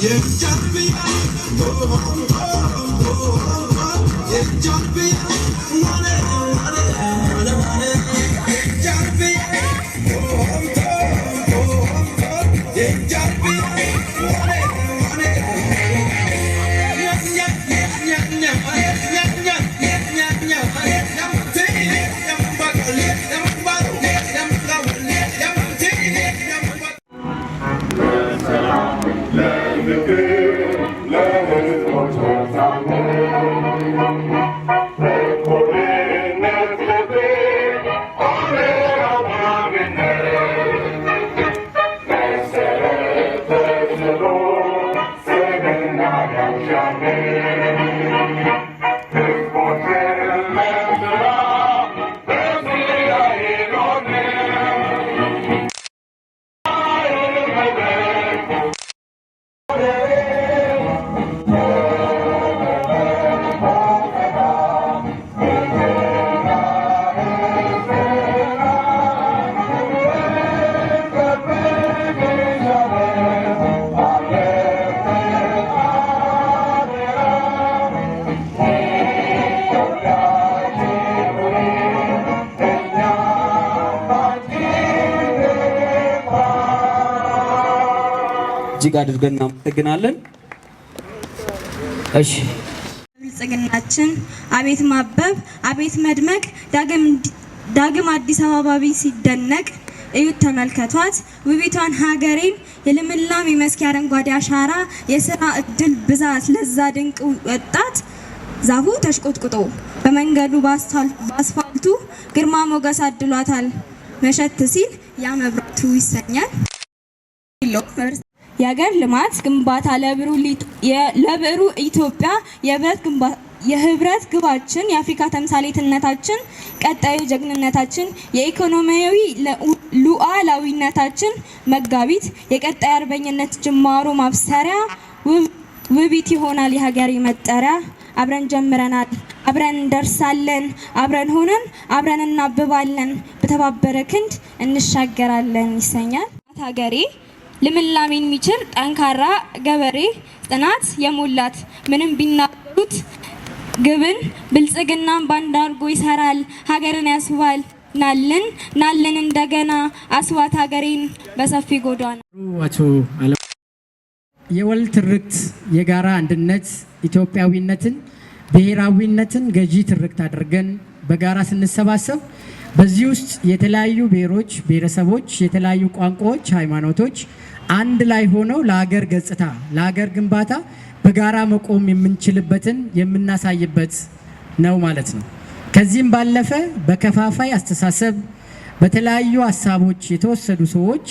Yeah, እጅግ አድርገን እናመሰግናለን። እሺ ብልጽግናችን አቤት ማበብ አቤት መድመቅ ዳግም አዲስ ቢ ሲደነቅ እዩት ተመልከቷት ውቢቷን ሀገሬን የልምላሜ መስክ አረንጓዴ አሻራ የስራ እድል ብዛት ለዛ ድንቅ ወጣት ዛፉ ተሽቆጥቁጦ በመንገዱ በአስፋልቱ ግርማ ሞገስ አድሏታል። መሸት ሲል ያ መብራቱ ይሰኛል። የሀገር ልማት ግንባታ ለብሩ ኢትዮጵያ የህብረት ግባችን የአፍሪካ ተምሳሌትነታችን ቀጣዩ ጀግንነታችን የኢኮኖሚያዊ ሉዓላዊነታችን መጋቢት የቀጣይ አርበኝነት ጅማሮ ማብሰሪያ ውቢት ይሆናል የሀገር መጠሪያ። አብረን ጀምረናል፣ አብረን እንደርሳለን፣ አብረን ሆነን አብረን እናብባለን፣ በተባበረ ክንድ እንሻገራለን ይሰኛል ሀገሬ ልምላሜን የሚችል ጠንካራ ገበሬ ጽናት የሞላት ምንም ቢናገሩት ግብን ብልጽግናን ባንድ አድርጎ ይሰራል፣ ሀገርን ያስባል። ናልን ናልን እንደገና አስዋት ሀገሬን በሰፊ ጎዳና የወል ትርክት የጋራ አንድነት ኢትዮጵያዊነትን ብሔራዊነትን ገዢ ትርክት አድርገን በጋራ ስንሰባሰብ በዚህ ውስጥ የተለያዩ ብሔሮች፣ ብሔረሰቦች፣ የተለያዩ ቋንቋዎች፣ ሃይማኖቶች አንድ ላይ ሆነው ለሀገር ገጽታ፣ ለሀገር ግንባታ በጋራ መቆም የምንችልበትን የምናሳይበት ነው ማለት ነው። ከዚህም ባለፈ በከፋፋይ አስተሳሰብ በተለያዩ ሀሳቦች የተወሰዱ ሰዎች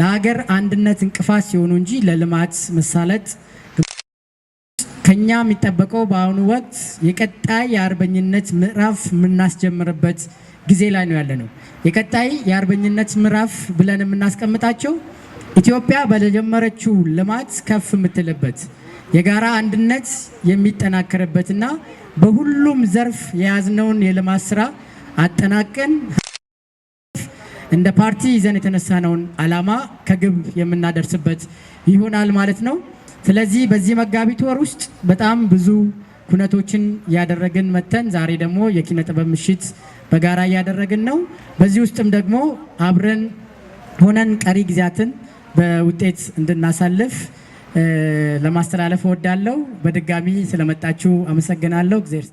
ለሀገር አንድነት እንቅፋት ሲሆኑ እንጂ ለልማት መሳለጥ ከኛ የሚጠበቀው በአሁኑ ወቅት የቀጣይ የአርበኝነት ምዕራፍ የምናስጀምርበት ጊዜ ላይ ነው ያለ ነው። የቀጣይ የአርበኝነት ምዕራፍ ብለን የምናስቀምጣቸው ኢትዮጵያ በተጀመረችው ልማት ከፍ የምትልበት የጋራ አንድነት የሚጠናከርበትና በሁሉም ዘርፍ የያዝነውን የልማት ስራ አጠናቀን እንደ ፓርቲ ይዘን የተነሳነውን ዓላማ ከግብ የምናደርስበት ይሆናል ማለት ነው። ስለዚህ በዚህ መጋቢት ወር ውስጥ በጣም ብዙ ኩነቶችን እያደረግን መተን ዛሬ ደግሞ የኪነ ጥበብ ምሽት በጋራ እያደረግን ነው። በዚህ ውስጥም ደግሞ አብረን ሆነን ቀሪ ጊዜያትን በውጤት እንድናሳልፍ ለማስተላለፍ እወዳለሁ። በድጋሚ ስለመጣችሁ አመሰግናለሁ። እግዚአብሔር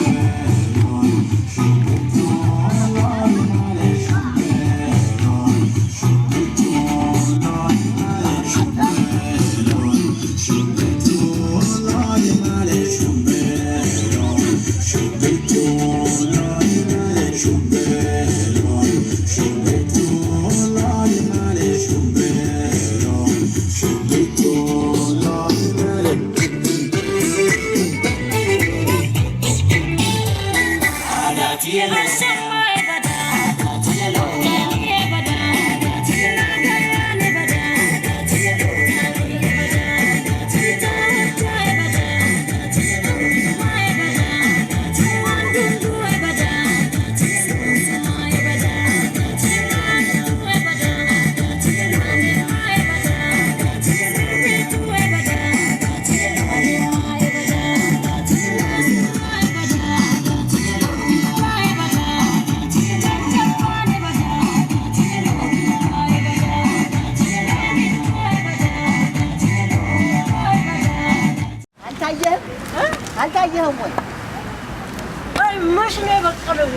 ቅርቤ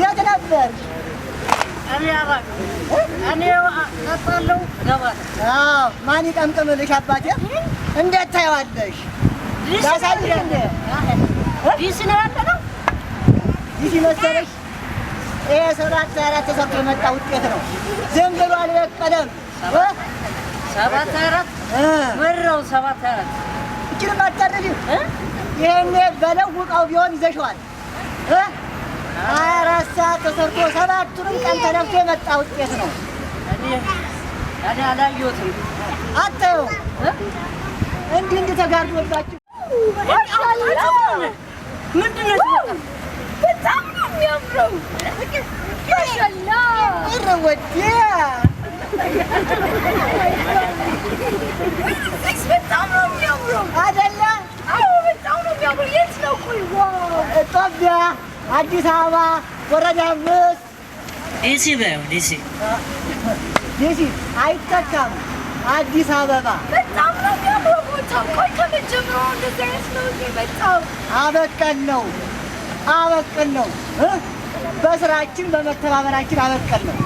የት ነበር? ማን ይቀምቅምልሽ? አባቴ እንዴት ታይዋለሽ? ላሳይሽ መሰለሽ። ይሄ ሰባት ሀያ አራት ተሰርቶ የመጣ ውጤት ነው። ዝም ብሎ አልበቀለም። ሰባት ሀያ አራት ይህን በለው ውቃው ቢሆን ይዘሸዋል? ሀያ አራት ሰዓት ተሰርቶ ሰባቱንም ቀን ተለፍቶ የመጣ ውጤት ነው። አላየሁትም። አታየውም? እንዲህ እንዲህ ተጋርዶባችሁ ምንድን ነው? በጣም ነው የሚያምረው። ማሻአላህ ወዲያ አዲስ አበባ ወረዳ አምስት ዲሲ በይው ዲሲ ዲሲ አይተካም። አዲስ አበባ በጣም ነው ቆይ ከመጀመሩ እንደዚህ አይነት ነው። በጣም አበቀን ነው አበቀን ነው። በስራችን በመተባበራችን አበቀን ነው።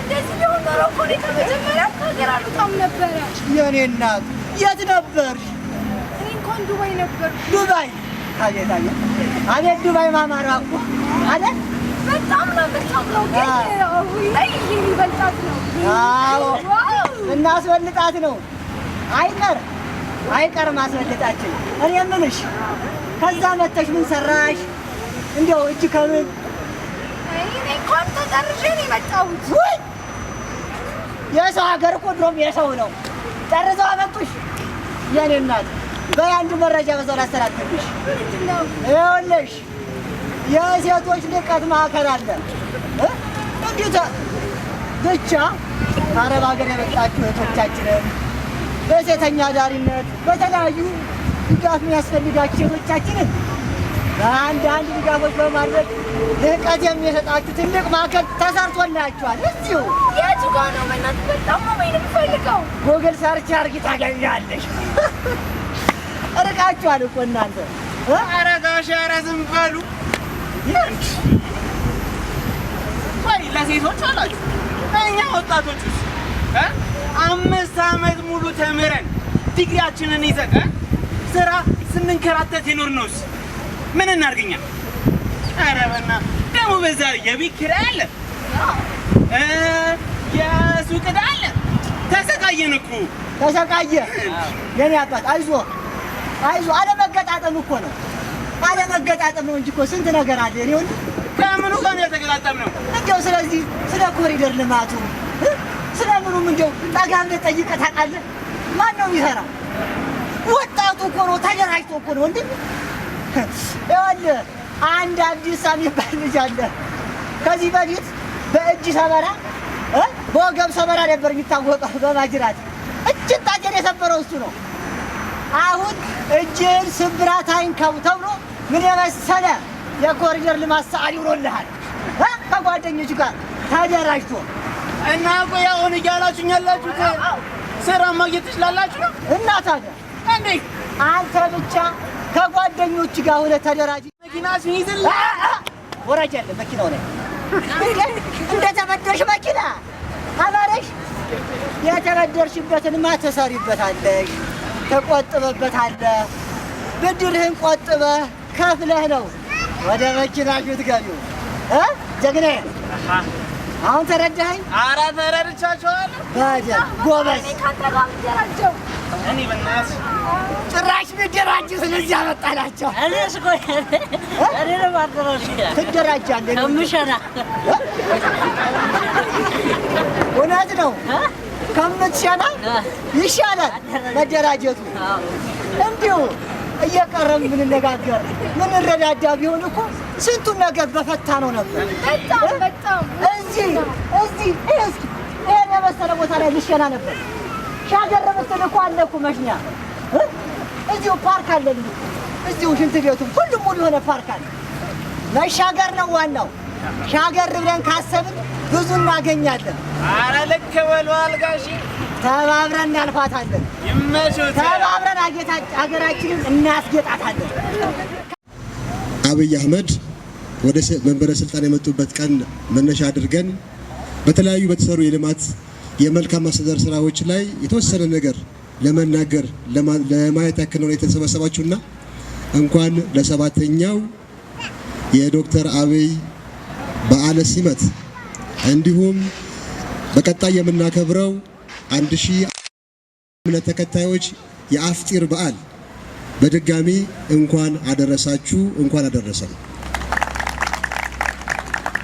እንደዚህ ቢሆን ኖሮ እኮ እኔ ከመጀመሪያ ሀገር አልወጣም ነበረ። የኔ እናት የት ነበር? እኔ እንኳን ዱባይ ነበር ዱባይ አቤት አቤት አቤት ዱባይ ማማራ እኮ አይደል? በጣም ነው የምታምረው። ይበልጣት ነው እናስበልጣት ነው አይቀር አይቀር ማስበልጣችን። እኔ ምንሽ ከዛ መተሽ ምን ሰራሽ? እንዲያው እጅ ከምን እንኳን ተጠርሼ ነው የመጣሁት። የሰው ሀገር እኮ ድሮም የሰው ነው። ጠርዘው አመጡሽ የኔ እናት በአንድ መረጃ በዛው ላስተላልፍልሽ። ይኸውልሽ የሴቶች ልቀት ማዕከል አለ። እንዴት ብቻ አረብ ሀገር የመጣችሁ እህቶቻችንን በሴተኛ ዳሪነት በተለያዩ ድጋፍ የሚያስፈልጋችሁ ሴቶቻችንን በአንድ አንድ ድጋፎች በማድረግ ልቀት የሚሰጣችሁ ትልቅ ማዕከል ተሰርቶላችኋል። እዚሁ የቱ ጋር ነው? በእናትህ በጣም ነው የምፈልገው። ጎግል ሰርች አድርጊ ታገኛለሽ። እርቃችኋል እኮ እናንተ። ኧረ ጋሼ ኧረ ዝም በሉ። ቆይ ለሴቶች አላችሁ፣ እኛ ወጣቶች አምስት ዓመት ሙሉ ተምረን ዲግሪያችንን ይዘን ስራ ስንንከራተት የኖርነውስ ምን እናድርግኛ? ኧረ በእናትህ ደግሞ በዛ የቤት ኪራይ አለ፣ የሱቅ ዕዳ አለ። ተሰቃየን እኮ ተሰቃየ። የኔ አባት አይዞህ አይዞ አለመገጣጠም እኮ ነው። አለመገጣጠም ነው እንጂ እኮ ስንት ነገር አለ። እኔ ወንድ ከምኑ ጋር ነው የተገጣጠምነው? እንደው ስለዚህ ስለ ኮሪደር ልማቱ ስለ ምኑም እንዴው ጠጋ ብለህ ጠይቀህ ታውቃለህ? ማን ነው የሚሰራ? ወጣቱ እኮ ነው ተደራጅቶ እኮ ነው ወንድ። ይኸውልህ አንድ አዲስ የሚባል ልጅ አለ። ከዚህ በፊት በእጅ ሰበራ በወገብ ሰበራ ነበር የሚታወቀው። በማጅራት እጅን ጣቴን የሰበረው እሱ ነው። አሁን እጅን ስብራት አይንካው ተብሎ ምን የመሰለ የኮሪደር ልማት ሰዓሊ ውሎልሃል ከጓደኞች ጋር ተደራጅቶ እና እኮ ያሁን እያላችሁኝ ያላችሁት ስራ ማግኘት ትችላላችሁ ነው። እና ታዲያ እንዴ አንተ ብቻ ከጓደኞች ጋር ሁነ ተደራጅ። መኪና ሲይዝል ወራጅ ያለ መኪናው ላይ እንደተበደርሽ መኪና አባረሽ የተበደርሽበትንማ ተሰሪበታለሽ። ተቆጥበበታለህ። ብድርህን ቆጥበህ ከፍለህ ነው ወደ መኪና ግትገኙ ጀግናዬ። አሁን ተረዳኸኝ? ኧረ ተረድቻቸዋለሁ። ጎበዝ። ጭራሽ ብደራጅ ስለዚህ አመጣላቸው። ትደራጃለህ? እውነት ነው። ከምትሸና ይሻላል መደራጀቱ። እንዲሁ እየቀረም ምንነጋገር ምንረዳዳ ቢሆን እኮ ስንቱን ነገር በፈታ ነው ነበር። እዚህ እዚህ እስኪ ይሄን የመሰለ ቦታ ላይ ልሸና ነበር። ሻገር መሰለ እኮ አለ እኮ መሽኛ። እዚሁ ፓርክ አለ፣ እዚሁ ሽንት ቤቱም ሁሉም ሙሉ የሆነ ፓርክ አለ። መሻገር ነው ዋናው። ሻገር ብለን ካሰብን ብዙ እናገኛለን። አረ ልክ በሉ ጋሼ። ተባብረን እናልፋታለን። ይመችዎት። ተባብረን አገራችንን እናስጌጣታለን። አብይ አህመድ ወደ መንበረ ስልጣን የመጡበት ቀን መነሻ አድርገን በተለያዩ በተሰሩ የልማት የመልካም አስተዳደር ስራዎች ላይ የተወሰነ ነገር ለመናገር ለማየት ያክል ነው የተሰበሰባችሁና እንኳን ለሰባተኛው የዶክተር አብይ በዓለ ሲመት እንዲሁም በቀጣይ የምናከብረው አንድ ሺህ እምነት ተከታዮች የአፍጢር በዓል በድጋሚ እንኳን አደረሳችሁ እንኳን አደረሰን።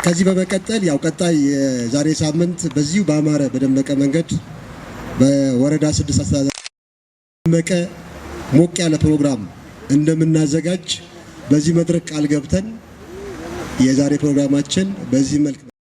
ከዚህ በመቀጠል ያው ቀጣይ የዛሬ ሳምንት በዚሁ በአማረ በደመቀ መንገድ በወረዳ ስድስት አስተዳደር ደመቀ ሞቅ ያለ ፕሮግራም እንደምናዘጋጅ በዚህ መድረክ ቃል ገብተን የዛሬ ፕሮግራማችን በዚህ መልክ